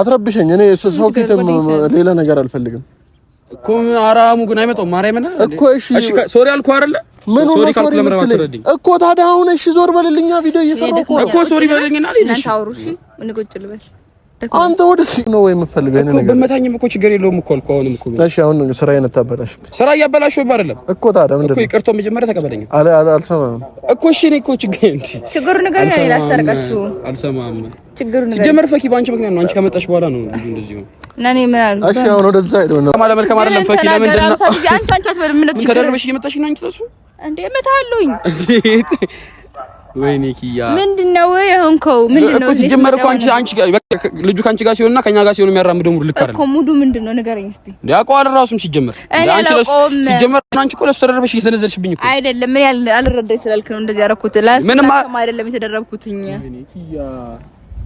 አትረብሸኝ። እኔ ሰው ፊትም ሌላ ነገር አልፈልግም እኮ አራሙ ግን አይመጣው ማርያምን እኮ እሺ፣ ሶሪ አልኩ አይደለ? ምን ሶሪ ካልኩ ለምረባትረድኝ እኮ ታዲያ አሁን እሺ፣ ዞር በልልኛ ቪዲዮ እየሰራሁ እኮ እኮ ሶሪ በልልኝና ልጅ ታውሩ እሺ፣ እንቁጭ ልበል አንተ ወደ ወደዚህ ነው ወይ የምትፈልገው? እኔ ነገር በመታኝም እኮ ችግር የለውም እኮ አልኩህ። አሁንም እኮ እሺ፣ አሁን ስራዬን አታበላሽብኝ። ስራ እያበላሽሁብህ አይደለም እኮ። ታዲያ ምንድን ነው እኮ? ይቅርታ መጀመሪያ ተቀበለኝ። አለ አለ አልሰማህም እኮ እሺ። እኔ እኮ ችግር እንዴ ችግሩ ነገር ነው ያላስታርቃችሁ። አልሰማህም ችግሩ ነገር ሲጀመር ፈኪ በአንቺ ምክንያት ነው። አንቺ ከመጣሽ በኋላ ነው እንደዚህ ነው። ናኔ ምን አሉ? እሺ፣ አሁን ወደዛ አይደው ነው ማለት መልካም አይደለም ፈኪ። ለምንድን ነው አንቺ አንቺ አትበልም? ምን ችግር ተደርበሽ እየመጣሽ ነው አንቺ ተሱ እንዴ መታለሁኝ ወይኔ ኪያ ምንድነው የሆንከው? ምንድነው ሲጀመር እኮ አንቺ አንቺ ልጁ ካንቺ ጋር ሲሆንና ከኛ ጋር ሲሆን የሚያራምደው ሙድ ልክ አይደለም እኮ። ሙዱ ምንድነው ንገረኝ እስቲ። ያውቀዋል ራሱም ሲጀመር አንቺ ለሱ ሲጀመር አንቺ እኮ ለሱ ተደረበሽ እየዘነዘልሽብኝ እኮ አይደለም። ምን ያል አልረዳኝ ስላልክ ነው እንደዚህ ያደረኩት። ለሱ ምንም አይደለም የተደረብኩትኝ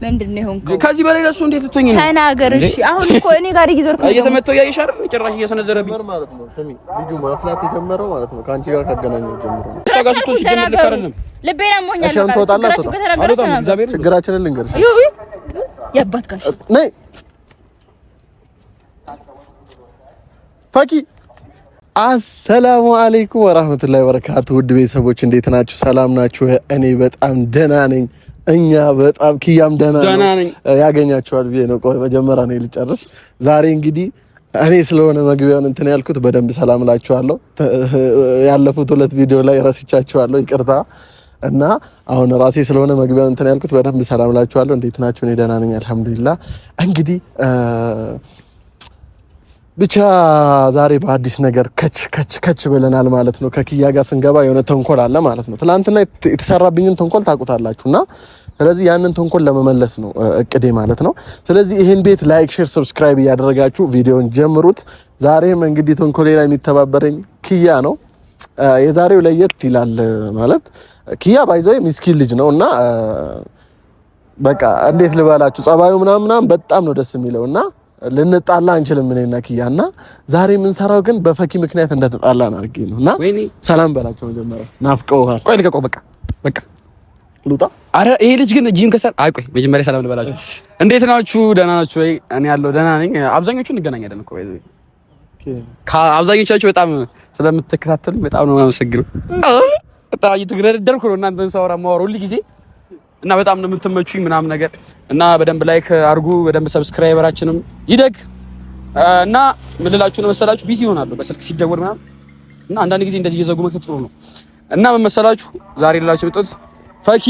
ምንድን የሆንከው? ከዚህ በላይ ለሱ እንዴት ልትሆኝ ነው? ተናገር እሺ። አሁን እኮ እኔ ጋር እየዞርክ ነው። እየተመተው እያየሽ አይደል? ጭራሽ እየሰነዘረብኝ ማለት ነው። ስሚ፣ ልጁ ማፍላት የጀመረው ማለት ነው ከአንቺ ጋር ካገናኘው ጀምሮ ነው። እሷ ጋር ስትሆን ሲጀምር ልክ አይደለም። ልቤን አሞኛል። እሺ፣ ትወጣላችሁ። ችግራችንን ልንገርሽ። የአባት ጋሽ ነይ ፈኪ አሰላሙ አለይኩም ወራህመቱላሂ ወበረካቱ። ውድ ቤተሰቦች እንዴት ናችሁ? ሰላም ናችሁ? እኔ በጣም ደህና ነኝ። እኛ በጣም ኪያም ደህና ነው ያገኛቸዋል ብዬ ነው። ቆይ መጀመሪያ ነው ልጨርስ። ዛሬ እንግዲህ እኔ ስለሆነ መግቢያውን እንትን ያልኩት በደንብ ሰላም ላችኋለሁ። ያለፉት ሁለት ቪዲዮ ላይ ረስቻችኋለሁ፣ ይቅርታ እና አሁን ራሴ ስለሆነ መግቢያውን እንትን ያልኩት በደንብ ሰላም ላችኋለሁ። እንዴት ናችሁ? እኔ ደህና ነኝ፣ አልሐምዱሊላህ እንግዲህ ብቻ ዛሬ በአዲስ ነገር ከች ከች ከች ብለናል ማለት ነው። ከኪያ ጋር ስንገባ የሆነ ተንኮል አለ ማለት ነው። ትናንትና የተሰራብኝን ተንኮል ታውቁታላችሁ እና ስለዚህ ያንን ተንኮል ለመመለስ ነው እቅዴ ማለት ነው። ስለዚህ ይህን ቤት ላይክ፣ ሼር፣ ሰብስክራይብ እያደረጋችሁ ቪዲዮን ጀምሩት። ዛሬም እንግዲህ ተንኮሌ ላይ የሚተባበረኝ ኪያ ነው። የዛሬው ለየት ይላል ማለት ኪያ ባይዘው ሚስኪን ልጅ ነው እና በቃ እንዴት ልበላችሁ ጸባዩ ምናምን በጣም ነው ደስ የሚለው እና ልንጣላ አንችልም። እኔና ኪያ እና ዛሬ የምንሰራው ግን በፈኪ ምክንያት እንደተጣላን አድርጌ ነው። እና ሰላም በላቸው መጀመሪያ። ናፍቀውሃል። ቆይ ልቀቆ በቃ በቃ ልውጣ። አረ ይሄ ልጅ ግን ጂም ከሰር አይ ቆይ መጀመሪያ ሰላም ልበላቸው። እንዴት ናችሁ? ደህና ናችሁ ወይ? እኔ ያለው ደህና ነኝ። አብዛኞቹ እንገናኛለን እኮ ባይዘው ከአብዛኞቻችሁ በጣም ስለምትከታተሉኝ በጣም ነው የማመሰግነው። በጣም እየተግረደርኩ ነው እናንተን ሳወራ ማወራ ሁሉ ጊዜ እና በጣም ነው የምትመቹኝ ምናምን ነገር እና በደንብ ላይክ አድርጉ። በደንብ ሰብስክራይበራችንም ይደግ እና ምልላችሁ ነው መሰላችሁ ቢዚ ይሆናሉ በስልክ ሲደወል ምናምን እና አንዳንድ ጊዜ እንደዚህ እየዘጉ መክት ጥሩ ነው እና ምን መሰላችሁ ዛሬ ልላችሁ የመጣሁት ፈኪ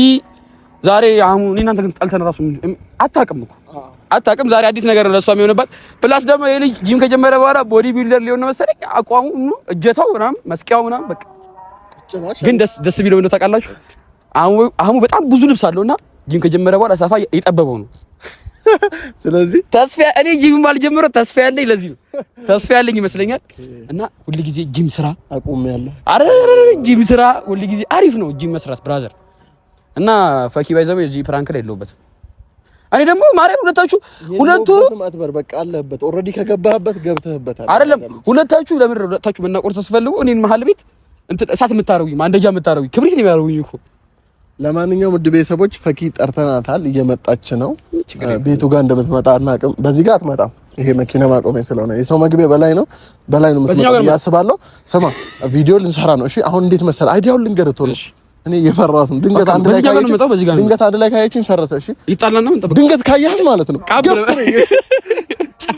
ዛሬ አሁን እኔ እናንተ ግን ጠልተን እራሱ አታውቅም እኮ አታውቅም። ዛሬ አዲስ ነገር ነው ለሷ የሚሆንባት ፕላስ ደግሞ ይሄ ልጅ ጂም ከጀመረ በኋላ ቦዲ ቢልደር ሊሆን ነው መሰለኝ። አቋሙ እጀታው ምናምን መስቂያው ምናምን በቃ ግን ደስ ደስ ቢለው እንደው ታውቃላችሁ አህሙ በጣም ብዙ ልብስ አለውና ጂም ከጀመረ በኋላ ሳፋ የጠበበው ነው። ስለዚህ ተስፋ እኔ ጂም አልጀመረው ተስፋ ያለኝ ለዚህ ተስፋ ያለኝ ይመስለኛል። እና ሁልጊዜ ጂም ስራ ያለ አረ ጂም ስራ ሁልጊዜ አሪፍ ነው ጂም መስራት ብራዘር። እና ፈኪ ባይዘው እዚህ ፕራንክ ላይ የለሁበትም። እኔ ደግሞ ማርያም ሁለታችሁ ሁለቱ ማትበር በቃ አለበት ኦልሬዲ ከገባህበት ገብተህበታል። አይደለም ሁለታችሁ ለምን ሁለታችሁ መናቆር ተስፈልጉ እኔን መሀል ቤት እንትን እሳት የምታረጉኝ ማንደጃ የምታረጉኝ ክብሪት ነው የሚያረጉኝ እኮ ለማንኛውም ውድ ቤተሰቦች ፈኪ ጠርተናታል፣ እየመጣች ነው። ቤቱ ጋር እንደምትመጣ አናውቅም። በዚህ ጋር አትመጣም። ይሄ መኪና ማቆሚያ ስለሆነ የሰው መግቢያ በላይ ነው በላይ ነው የምትመጣው ያስባለሁ። ስማ ቪዲዮ ልንሰራ ነው። እሺ አሁን እንዴት መሰለህ አይዲያውን ልንገርህ ቶሎ። እኔ እየፈራሁት ነው። ድንገት አንድ ላይ ካየችኝ ድንገት አንድ ላይ ካየችኝ ፈረሰ። እሺ ይጣላል ነው ድንገት ካየህ ማለት ነው።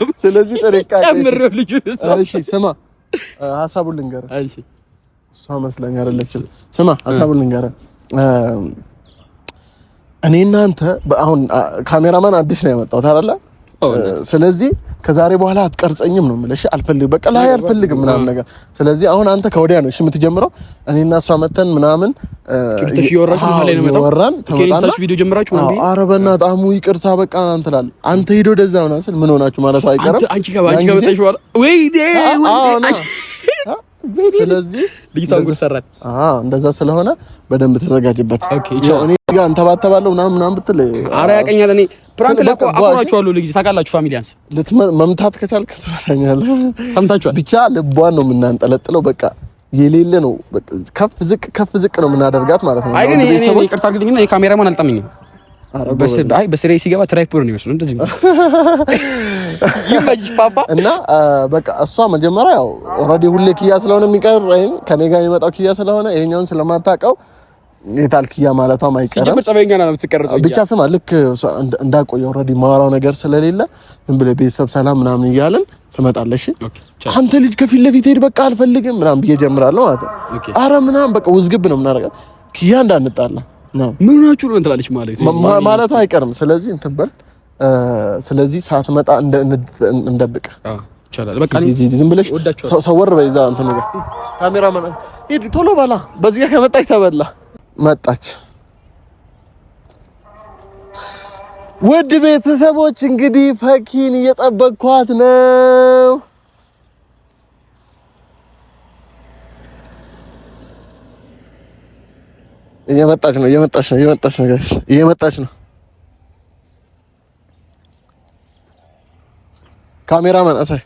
ስለዚህ ጥንቃቄ ጨምሬው ልጅ። እሺ ስማ ሀሳቡን ልንገርህ። እሺ እሷ መስለኝ አይደለችም። ስማ ሀሳቡን ልንገርህ እኔ እናንተ አሁን ካሜራማን አዲስ ነው የመጣው ታላላ ስለዚህ ከዛሬ በኋላ አትቀርጸኝም ነው የምልሽ። አልፈልግም፣ በቃ ላይ አልፈልግም ምናምን ነገር። ስለዚህ አሁን አንተ ከወዲያ ነው እሺ የምትጀምረው። እኔና እሷ መተን ምናምን ወራን ተመጣጣና ቪዲዮ ጀምራችሁ ነው። ኧረ በእናትህ አሙ ይቅርታ በቃ እንትን ትላለህ አንተ ሂዶ ወደዛ ነው ስል ምን ሆናችሁ ማለት አይቀርም። አንቺ ከአንቺ ከመጣሽ በኋላ ወይ ስለዚህ ልጅቷን ጉድ ሰራት። አዎ እንደዛ ስለሆነ በደንብ ተዘጋጅበት። ኦኬ እኔ ጋር እንተባተባለሁ ምናምን ምናምን ብትል ኧረ ያቀኛል እኔ ፕራንክ ለቆ አቆራችኋለሁ። ልጅ ታውቃላችሁ፣ ፋሚሊያንስ መምታት ከቻልክ ትመታኛለህ። ሰምታችኋል። ብቻ ልቧን ነው የምናንጠለጥለው። በቃ የሌለ ነው። ከፍ ዝቅ ከፍ ዝቅ ነው የምናደርጋት ማለት ነው። አይ ግን እኔ ይቅርታ አድርግልኝና የካሜራማን አልጠመኝም። አይ በስሬ ሲገባ ትራይፖድ ነው ይመስለው እንደዚህ ይመጅ ፓፓ እና በቃ እሷ መጀመሪያ ያው ኦልሬዲ ሁሌ ክያ ስለሆነ የሚቀር ከኔ ጋር የሚመጣው ክያ ስለሆነ ይሄኛውን ስለማታውቀው የታልክያ ማለቷም አይቀርም። ብቻ ስማ፣ ልክ እንዳቆየ ኦልሬዲ ማወራው ነገር ስለሌለ ዝም ብለህ ቤተሰብ ሰላም ምናምን እያለን ትመጣለሽ። አንተ ልጅ ከፊት ለፊት ሄድ፣ በቃ አልፈልግም ምናምን ብዬ ጀምራለሁ ማለት ነው። አረ ምናምን በቃ ውዝግብ ነው ምናደርገው። ክያ እንዳንጣላ ምናችሁ ነው እንትላለች ማለቷ አይቀርም። ስለዚህ እንትን በል፣ ስለዚህ ሳትመጣ እንደብቅ ይቻላል። በቃ ዝም ብለሽ ሰወር በይዛ እንትን ነገር ካሜራ ቶሎ በላ በዚህ ከመጣች ተበላ መጣች። ውድ ቤተሰቦች እንግዲህ ፈኪን እየጠበቅኳት ነው። እየመጣች ነው፣ እየመጣች ነው፣ እየመጣች ነው፣ ጋይስ እየመጣች ነው። ካሜራማን አሳይ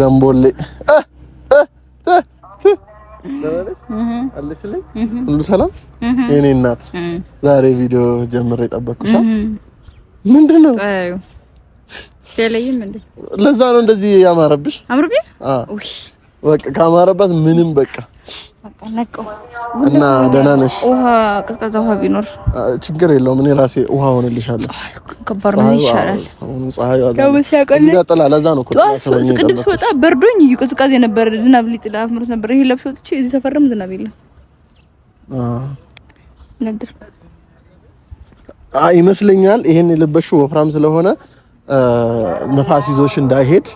ዘንቦሌ ሁሉ ሰላም የኔ እናት፣ ዛሬ ቪዲዮ ጀምሬ የጠበቅኩሽ ምንድን ነው? ለዛ ነው እንደዚህ ያማረብሽ። አምርብኝ? በቃ ካማረባት ምንም በቃ እና ደህና ነሽ? ውሃ ቀዝቃዛ ውሃ ቢኖር ችግር የለውም። እኔ ራሴ ውሃ ሆንልሻለሁ። ከባድ ነው፣ ይሻላል። ቅድም ስወጣ በርዶኝ ቅዝቃዜ ነበር፣ ዝናብ ሊጥል አፍምሮት ነበር። ይሄ ለብሶ ወጥቼ እዚህ ሰፈርም ዝናብ የለም ይመስለኛል። ይሄን የለበሽው ወፍራም ስለሆነ ነፋስ ይዞሽ እንዳይሄድ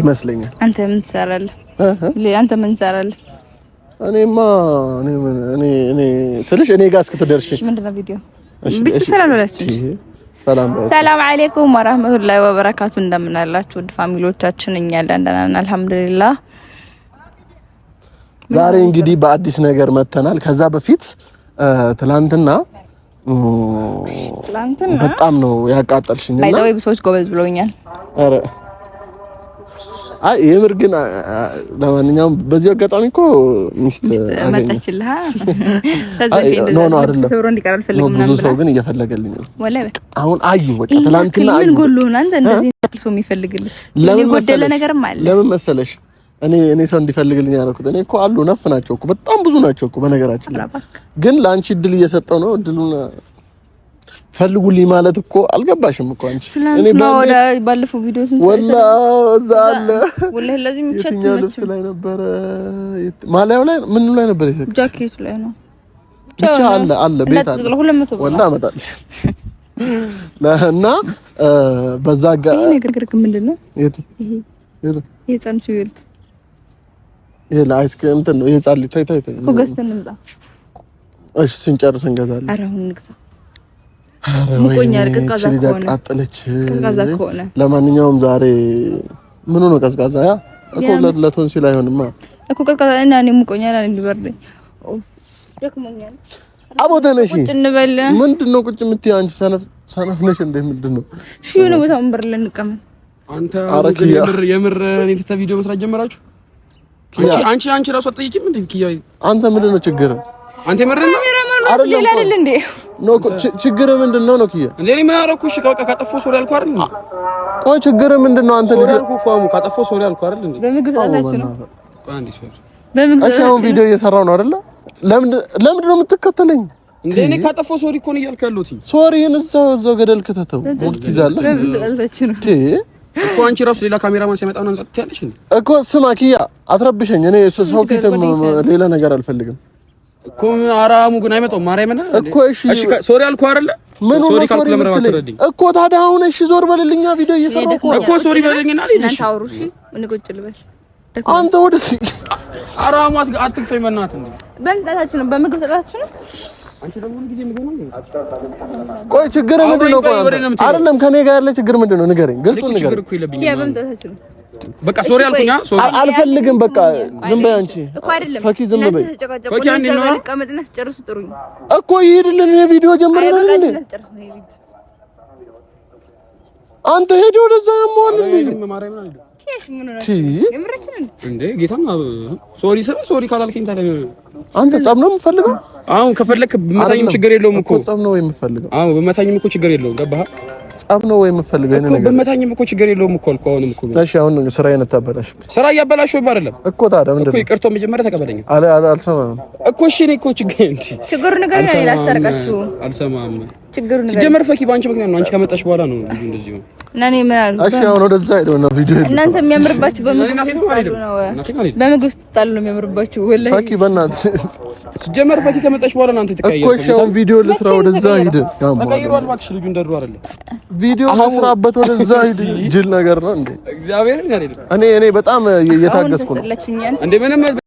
ይመስለኛል። አንተ ምን ትሰራለህ? አንተ ምን ትሰራለህ? እኔማ እኔ እኔ ስልሽ እኔ ጋር እስክትደርሺ ምንድነው ቪዲዮ ሰላም አለይኩም ወራህመቱላሂ ወበረካቱ። እንደምን አላችሁ ውድ ፋሚሊዎቻችን? እኛ ያለን ደህና ነን አልሐምዱሊላህ። ዛሬ እንግዲህ በአዲስ ነገር መተናል። ከዛ በፊት ትላንትና በጣም ነው ያቃጠልሽኝ። ባይ ዘ ጎበዝ ብሎኛል። አይ የምር ግን ለማንኛውም በዚህ አጋጣሚ እኮ ሚስት መጣችልህ። ብዙ ሰው ግን እየፈለገልኝ ነው። አሁን አዩ በቃ ትናንትና አዩ። ምን ጎልሁን አንተ እንደዚህ ሰው የሚፈልግልህ የጎደለ ነገርም አለ። ለምን መሰለሽ እኔ እኔ ሰው እንዲፈልግልኝ ያደረኩት እኔ እኮ አሉ ነፍ ናቸው እኮ በጣም ብዙ ናቸው እኮ በነገራችን ላይ ግን ለአንቺ እድል እየሰጠው ነው እድሉን ፈልጉልኝ ማለት እኮ አልገባሽም እኮ አንቺ። እኔ ባለፈው ቪዲዮ የትኛው ልብስ ላይ ነበረ? ማሊያው ላይ ምን ላይ ነበር? ይሄ ጃኬት ላይ ነው። ብቻ አለ አለ ቤት አለ ወላ እመጣለሁ እና በዛ ጋር ይሄ ነገር ግን ምንድን ነው የት ይሄ ለአይስክሪም እንትን ነው። ይሄ ጻልይ። ታይ ታይ ታይ እኮ ገዝተን እሺ ስንጨርስ እንገዛለን። ኧረ አሁን እንግዛ ለማንኛውም ዛሬ ምን ሆኖ ቀዝቃዛ ያ እኮ ለቶንሲል አይሆንማ እኮ ቀዝቃዛ እና እኔ ሙቆኛል አይደል? ሊበርደኝ ደክሞኛል። አቦ ተነሽ፣ እንበል ምንድን ነው ቁጭ የምትይው አንቺ? ሰነፍ ሰነፍ ነሽ እንዴ? ምንድን ነው እሺ? የሆነ ቦታ ወንበር ልንቀመጥ። አንተ የምር የምር እኔ ተታ ቪዲዮ መስራት ጀመራችሁ? አንቺ አንቺ ራሱ አትጠይቂም እንዴ? ኪያ አንተ ምንድን ነው ችግር? አንተ ምንድን ነው አይደል እንዴ? ችግር ምንድን ነው? ነው ኪያ እንዴ እኔ ምን እሺ በቃ ካጠፋሁ ሶሪ አልኩህ አይደል? ቆይ ችግር ምንድን ነው? አንተ ልጅ ካጠፋሁ ሶሪ አልኩህ አይደል? እንዴ በምግብ ሶሪ እሺ አሁን ቪዲዮ እየሰራሁ ነው አይደል? ለምን ለምንድን ነው የምትከተለኝ? እንዴ እኔ ካጠፋሁ ሶሪ እኮ ነው እያልኩህ ያለሁት። ሶሪህን እዛው እዛው ገደል ከተተው ሙድ እንዴ? እኮ አንቺ ራሱ ሌላ ካሜራማን ሲመጣ ነው ጸጥ ያለሽ እኮ። ስማ ኪያ አትረብሸኝ። እኔ ሰው ፊትም ሌላ ነገር አልፈልግም። እኮ አራሙ ግን አይመጣውም። ማርያምን እኮ እሺ፣ እሺ ሶሪ አልኩህ አይደለ? ምን ሶሪ ካልኩ ለምን ትረዲ እኮ ታዲያ አሁን እሺ፣ ዞር በልልኛ፣ ቪዲዮ እየሰራሁ እኮ እኮ ሶሪ በልልኝና ልሂድ። እሺ፣ ታውሩ እሺ፣ እንቁጭ ልበል አንተ። ወደ አራሙ አትክፈኝ፣ መናት እንዴ! በምጣታችሁ ነው፣ በምግብ ሰጣችሁ ነው። ቆይ ችግር ምንድን ነው? ቆይ አይደለም ከኔ ጋር ያለ ችግር ምንድን ነው? ንገረኝ፣ ግልጹን ንገረኝ። በቃ ሶሪ አልኩኛ፣ ሶሪ አልፈልግም። በቃ ዝም በይ አንቺ ፈኪ፣ ዝም በይ ፈኪ። አንዴ ነው ልቀመጥና ስጨርሱ ጥሩኝ እኮ ይሄድልን። ይሄ ቪዲዮ ጀምረናል እንዴ? አንተ ሄዶ ወደዛ ያሟል እንዴ? ጌታም ሶሪ ስለ ሶሪ ካላልከኝ ታዲያ አንተ ጸብ ነው የምፈልገው? አሁን ከፈለክ ብመታኝም ችግር የለውም እኮ ጸብ ነው የምፈልገው። አዎ ብመታኝም እኮ ችግር የለውም። ገባህ? ጸብ ነው ወይ የምትፈልገው? ይሄን ነገር በመታኝም እኮ ችግር የለውም እኮ አልኩህ። አሁንም እኮ እሺ፣ አሁን ስራ የነታበላሽ ስራ እያበላሽ ወይ አይደለም እኮ ታዲያ ምንድን ነው እኮ ይቅርታ መጀመሪያ ተቀበለኝ። አለ አልሰማህም እኮ እሺ፣ እኔ እኮ ችግር እንዴ ችግሩ ነገር ላይ ላስታርቃችሁ አልሰማህም ችግሩን ሲጀመር ፈኪ በአንቺ ምክንያት ነው። አንቺ ከመጣሽ በኋላ ነው እንደዚህ ነው። እኔ ምን አልኩ? እሺ አሁን ወደዛ ሄደው ነው ቪዲዮ እናንተ የሚያምርባችሁ በምግብ ስትጣሉ ነው የሚያምርባችሁ። ወላሂ ፈኪ በእናትሽ ሲጀመር ፈኪ ከመጣሽ በኋላ እናንተ ትቀያየሩ እኮ። አሁን ቪዲዮ ልስራ ወደዛ ሂድ። ተቀይሯል እባክሽ፣ ልጁ እንደሩ አይደለ ቪዲዮ ልስራበት ወደዛ ሂድ። ጅል ነገር ነው እንዴ! እግዚአብሔር እኔ እኔ በጣም እየታገስኩ ነው እንዴ ምንም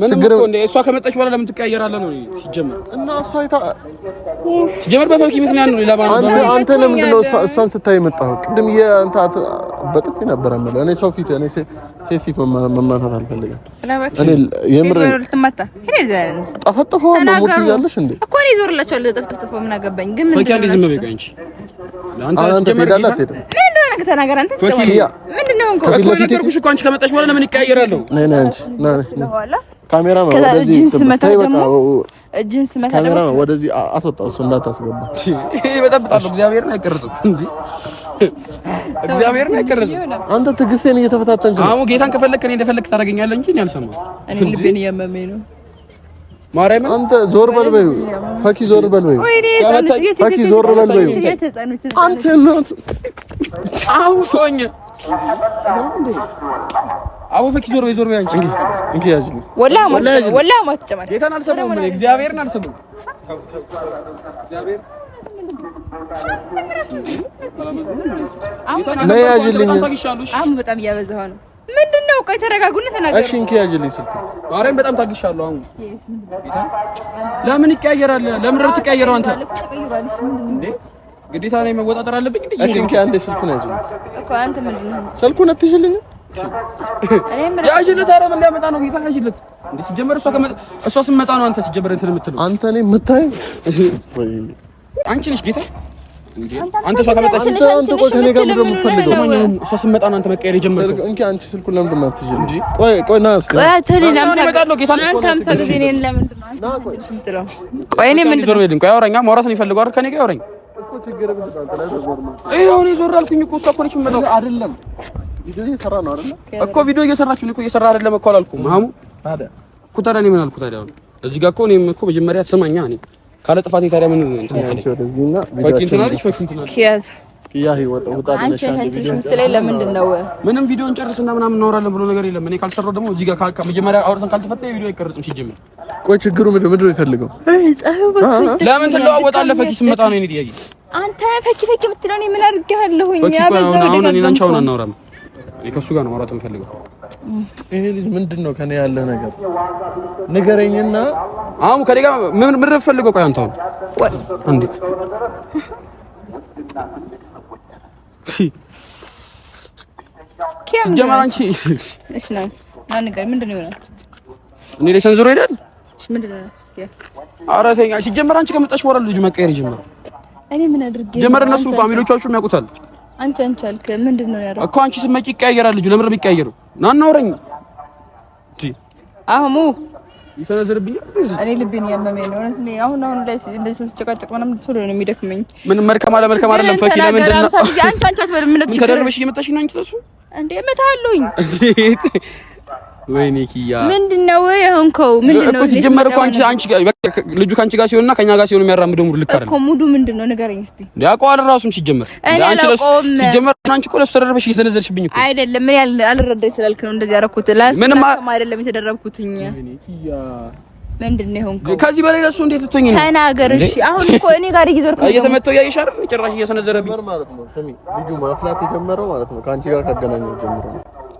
ምንም እኮ እሷ ከመጣች በኋላ ለምን ትቀያየራለህ ነው ሲጀመር። እና እሷ አይታ ሲጀመር በፈኪ ምክንያት ነው። ሌላ አንተ አንተ ለምንድን ነው እሷን ስታይ የመጣኸው? ቅድም የአንተ በጥፊ ነበረ አመለ እኔ ሰው ፊት እኔ ሴት ፊት መማታት አልፈልግም። እኔ የምር ልትመታ ጠፈጥፈዋለሁ። ሞት እያለሽ እንዴ እኮ እኔ ዞርላችኋለሁ። ጠፍጥፎ ምን አገባኝ ግን ምን ፎኪያ ዝም በቃ እንጂ አንተ ትሄዳለህ አትሄድም? ተናገር አንተ እኮ አንቺ ከመጣሽ በኋላ አንቺ ካሜራ ወደዚህ አስወጣው። እንዳታስገባ እንዴ እግዚአብሔር ነው ያቀረዘው። አንተ ትዕግስቴን እየተፈታተንክ ነው። አሙ ጌታን ከፈለክ እኔ እንደፈለክ ታደርገኛለህ እንጂ ያልሰማ እኔ ልቤን እያመመኝ ነው። ማርያም አንተ ዞር በል በይው፣ ፈኪ ዞር በል በይው፣ ፈኪ ዞር በል በይው። አንተ እናት አሙ ሶኛ አቡ ፈኪ ዞር በይ ዞር በይ። አንቺ እንግዲህ ያጅል ወላ ወላ ወላ ጌታን አልሰማሁም። እግዚአብሔርን አልሰማሁም። ያዥልኝ። አሁን በጣም እያበዛህ ነው። ምንድን ነው? ቆይ ተረጋጉና ተናገሩ። እሺ እንኪ ያዥልኝ ስልክ። ማርያም በጣም ታግሻለሁ። አሁን ለምን ይቀያየራል? ለምን ነው የምትቀያየረው አንተ? ግዴታ ነው መወጣጠር አለብኝ እንዴ? እሺ እንኪ አንዴ ስልኩን ያዥልኝ እኮ አንተ። ምንድን ነው ስልኩን አትይዥልኝም? ያዥለት። ኧረ ምን ሊያመጣ ነው ጌታ? ያዥለት እንዴ! ሲጀመር እሷ ስትመጣ ነው አንተ ሲጀመር እንትን የምትለው አንተ እኔ የምታየው አንቺ ነሽ ጌታ። አንተ እሷ ካመጣች አንተ ቆይ ከኔ ጋር ምንድን ነው የምትፈልገው? እሷ ስትመጣ አንተ መቀየር የጀመርከው። እንኪ አንቺ ስልኩን ለምንድን ነው እንጂ ቆይ ቆይ ና እስኪ ቆይ አውራኝ። ማውራት ነው የሚፈልገው አይደል? ከኔ ጋር አውራኝ። ይኸው እኔ ዞር አልኩኝ እኮ እሷ እኮ ነች አይደለም። ቪዲዮ እየሰራ ነው እኮ ቪዲዮ እየሰራችሁ ነው እኮ እየሰራ አይደለም እኮ አላልኩም። ማሙ እኮ ታዲያ እኔ ምን አልኩ ታዲያ? አሁን እዚህ ጋር እኮ እኔም እኮ መጀመሪያ ስማኛ እኔ ካለ ጥፋት የታሪያ ምን ለምንድን ነው ምንም ቪዲዮ እንጨርስና ምናምን እናወራለን ብሎ ነገር የለም። እኔ ካልሰራው ደግሞ እዚህ ጋር መጀመሪያ አውርተን ካልተፈታ ቪዲዮ አይቀርጽም። ሲጀምር ቆይ ችግሩ ምንድን ነው የሚፈልገው? ለምን ትለዋወጣለህ? ፈኪ ስመጣ ነው የእኔ ጥያቄ። አንተ ፈኪ ፈኪ የምትለው እኔ ምን አድርጌሃለሁኝ? ከሱ ጋር ነው ማውራት የምፈልገው። ይሄ ልጅ ምንድን ነው ከኔ ያለ ነገር ንገረኝና፣ አሁን ከኔ ጋር ምን ምን ፈልገው? ቆይ አንተ አንዴ ጀመር አንቺ እሺ ነው ምንድን ነው እኔ እሺ ሲጀመር አንቺ ከመጣሽ በኋላ ልጁ መቀየር ይጀምራል። እኔ ምን አድርጌ ጀመር? እነሱ ፋሚሊዎቻችሁ ያውቁታል። አንቺ አንቺ አልክ ምንድን ነው ያደረኩት እኮ አንቺ ስትመጪ ይቀያየራል ልጁ ለምንድን ነው የሚቀያየረው ና እናውረኝ እንጂ አህሙ ይሰነዝርብኛል እኔ ልቤን እያመመኝ ነው እኔ አሁን አሁን ላይ እንደዚህ ምናምን ቶሎ ነው የሚደክመኝ ምን መልካም አለ መልካም አይደለም ፈኪ ለምንድን ነው አንቺ አንቺ ምን እየመጣሽ ነው አንቺ ተሱ እንዴ እመታለሁኝ ወይኔ ኪያ ምንድነው የሆንከው? ምንድነው እኮ ሲጀመር እኮ አንቺ አንቺ ልጁ ካንቺ ጋር ሲሆንና ከኛ ጋር ሲሆን የሚያራምደው ሙድ ልክ አይደለም እኮ። ሙዱ ምንድነው ንገረኝ እስቲ። ያውቀዋል ራሱም ሲጀመር አንቺ ለሱ ሲጀመር አንቺ እኮ ለሱ ተደረበሽ እየዘነዘልሽብኝ እኮ አይደለም። ምን ያል አልረዳኝ ስላልክ ነው እንደዚህ ያደረኩት። ላስ ምንም አይደለም የተደረብኩትኝ። ምንድነው የሆንከው? ከዚህ በላይ ለሱ እንዴት ልትሆኝ ነው? ተናገር እሺ። አሁን እኮ እኔ ጋር እየዞርክ እየተመተው ያየሽ ጭራሽ እየሰነዘረብኝ ማለት ነው። ስሚ ልጁ ማፍላት የጀመረው ማለት ነው ከአንቺ ጋር ካገናኘው ጀምሮ ነው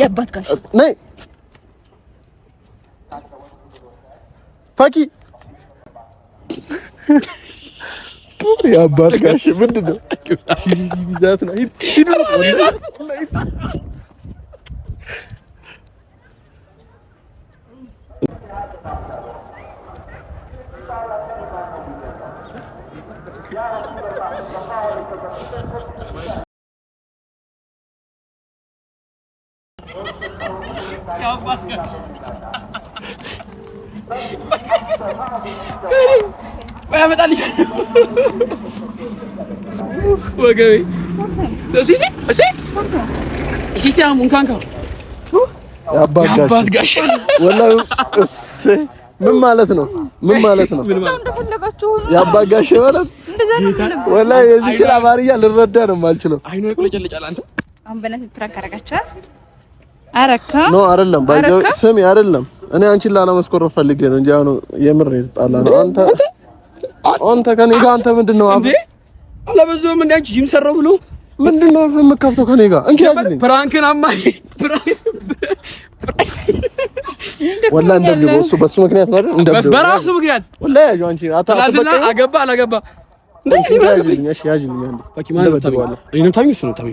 የአባት ጋሽ ነይ ፈኪ። የአባት ጋሽ ምንድን ነው? ያመጣልሻል ወገቤ የአባት ጋሻ ምን ማለት ነው? ምን ማለት ነው? የአባት ማለት ወላሂ የዚችን አማርኛ ልረዳ ነው የማልችለው። አረካ ኖ አይደለም፣ ባይዘው ስሚ፣ አይደለም እኔ አንቺን ላለመስኮር ፈልጌ ነው እንጂ አሁን የምር ነው የተጣላ ነው። አንተ አንተ ከኔ ጋር አንተ ምንድን ነው አፍ አላበዛውም ምን አንቺ ጂም ሰራው ብሎ ምንድን ነው የምከፍተው ከኔ ጋር እንኪ አይደል? ፕራንክን አማይ ወላ እንደዚህ እሱ በሱ ምክንያት ነው አይደል? እንደምደው በራሱ ምክንያት ወላ ያዩ አንቺ አታጥበቀ አገባ አላገባ እንዴ ያጂኝ ያሽ ያጂኝ ያንዴ ባኪ ማለት ነው ታሚ ነው ታሚ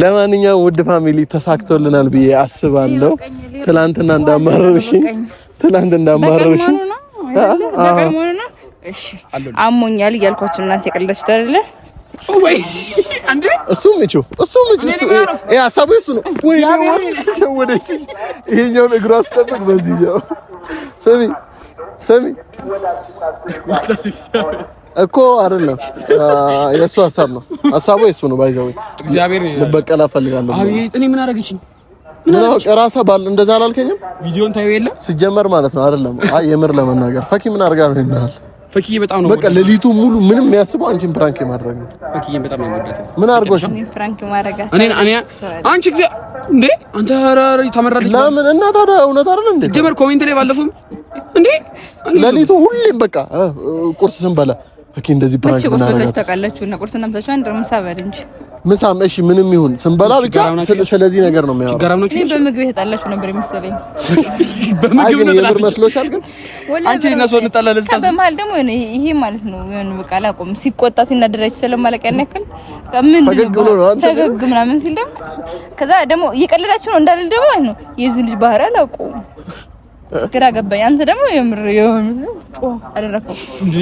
ለማንኛውም ውድ ፋሚሊ ተሳክቶልናል ብዬ አስባለሁ። ትላንትና እንዳማረርሽኝ ትላንት እንዳማረርሽኝ አሞኛል እያልኳቸው እናንተ የቀለዳችሁት አይደለ? እሱም እሱም ወይ ይሄኛውን አስጠብቅ በዚህ እኮ አይደለም፣ የእሱ ሀሳብ ነው። ሀሳቡ የእሱ ነው። ባይዘው እግዚአብሔር ልበቀላ እፈልጋለሁ። አቤት እኔ ምን አደረገችኝ? ራሳ ባል እንደዛ አላልከኝም? ቪዲዮን ታዩ የለ ሲጀመር ማለት ነው። አይደለም፣ አይ የምር ለመናገር ፈኪ ምን አርጋ ነው ይናል? ፈኪ በጣም ነው በቃ ሌሊቱ ሙሉ ምንም የሚያስበው አንቺን ፕራንክ ማድረግ ነው። ፈኪ በጣም ነው ወዳት ምን አድርጎሽ ፕራንክ ማድረግ እኔ እኔ አንቺ እግዚ እንዴ አንተ አራሪ ተመራለች ለምን እና ታዲያ እውነት አይደለም እንዴ ጀመር ኮሜንት ላይ ባለፉም እንዴ ሌሊቱ ሁሌም በቃ ቁርስ ስንበላ ኦኬ እንደዚህ ፕራንክ ምናምን ታውቃላችሁ። እና ቁርስ እናምታችሁ አንድ ምሳ በል እንጂ ምሳም፣ እሺ ምንም ይሁን ስንበላ ብቻ ስለዚህ ነገር ነው የሚያወራው። በምግብ የተጣላችሁ ነበር የመሰለኝ። በምግብ ነው የምር መስሎሻል? ግን አንቺ እና ሰው እንጣላለን። በመሀል ደግሞ ይሄ ማለት ነው የሆነ በቃ አላውቀውም። ሲቆጣ ሲናደራችሁ ስለማለቅ ያን ያክል ምን ፈገግ ምናምን ሲል ደግሞ ከዛ ደግሞ እየቀለዳችሁ ነው እንዳልል ደግሞ ነው የዚህ ልጅ ባህሪ አላውቀውም ግራ ገባኝ። አንተ ደግሞ የምር የሆኑ ጮህ አደረከው እንጂ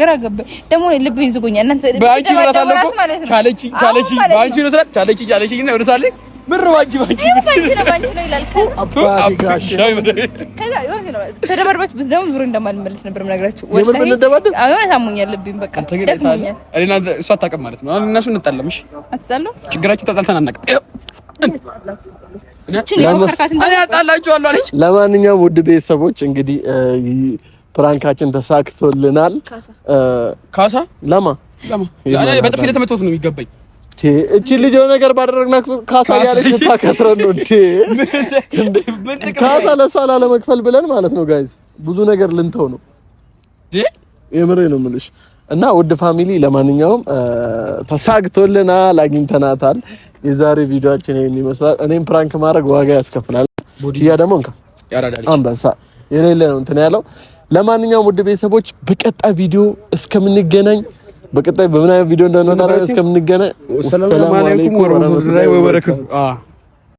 ግራ ገባኝ። ደግሞ ልብኝ ዝጎኛል። እናንተ ባንቺ ነው ታለቆ ቻለቺ ቻለቺ ባንቺ ነው ስራት ቻለቺ ቻለቺ እና ወደ ምር ባንቺ ባንቺ ነው ባንቺ ነው ይላል። አባቴ ጋሽ ከዛ ይወርክ ነው ተደበርባችሁ ብስ ደግሞ ዙር እንደማልመለስ ነበር የምነግራችሁ። ወላሂ የሆነ ታሞኛል ልብኝ በቃ ደግሞኛል። እኔና እሷ አታውቅም ማለት ነው። እነሱ እንጣላምሽ አትጣለም። ችግራችን ተጣልተን አናውቅም ለማንኛውም ውድ ቤተሰቦች እንግዲህ ፕራንካችን ተሳክቶልናል። ካሳ ለማ በጥፊ ለተመቶት ነው የሚገባኝ። እቺ ልጅ የሆነ ነገር ባደረግናት ካሳ ያለች ልታከስረን ነው እንዴ? ካሳ ለእሷ ላለመክፈል ብለን ማለት ነው። ጋይዝ ብዙ ነገር ልንተው ነው። የምሬ ነው የምልሽ እና ውድ ፋሚሊ ለማንኛውም ተሳግቶልናል፣ አግኝተናታል። የዛሬ ቪዲዮአችን ይሄን ይመስላል። እኔም ፕራንክ ማድረግ ዋጋ ያስከፍላል። ያ ደግሞ እንካ አንበሳ የሌለ ነው እንትን ያለው። ለማንኛውም ውድ ቤተሰቦች በቀጣይ ቪዲዮ እስከምንገናኝ በቀጣይ በምን አይነት ቪዲዮ እንደሆነ እስከምንገናኝ ሰላም አለይኩም ወራህመቱላሂ ወበረካቱ።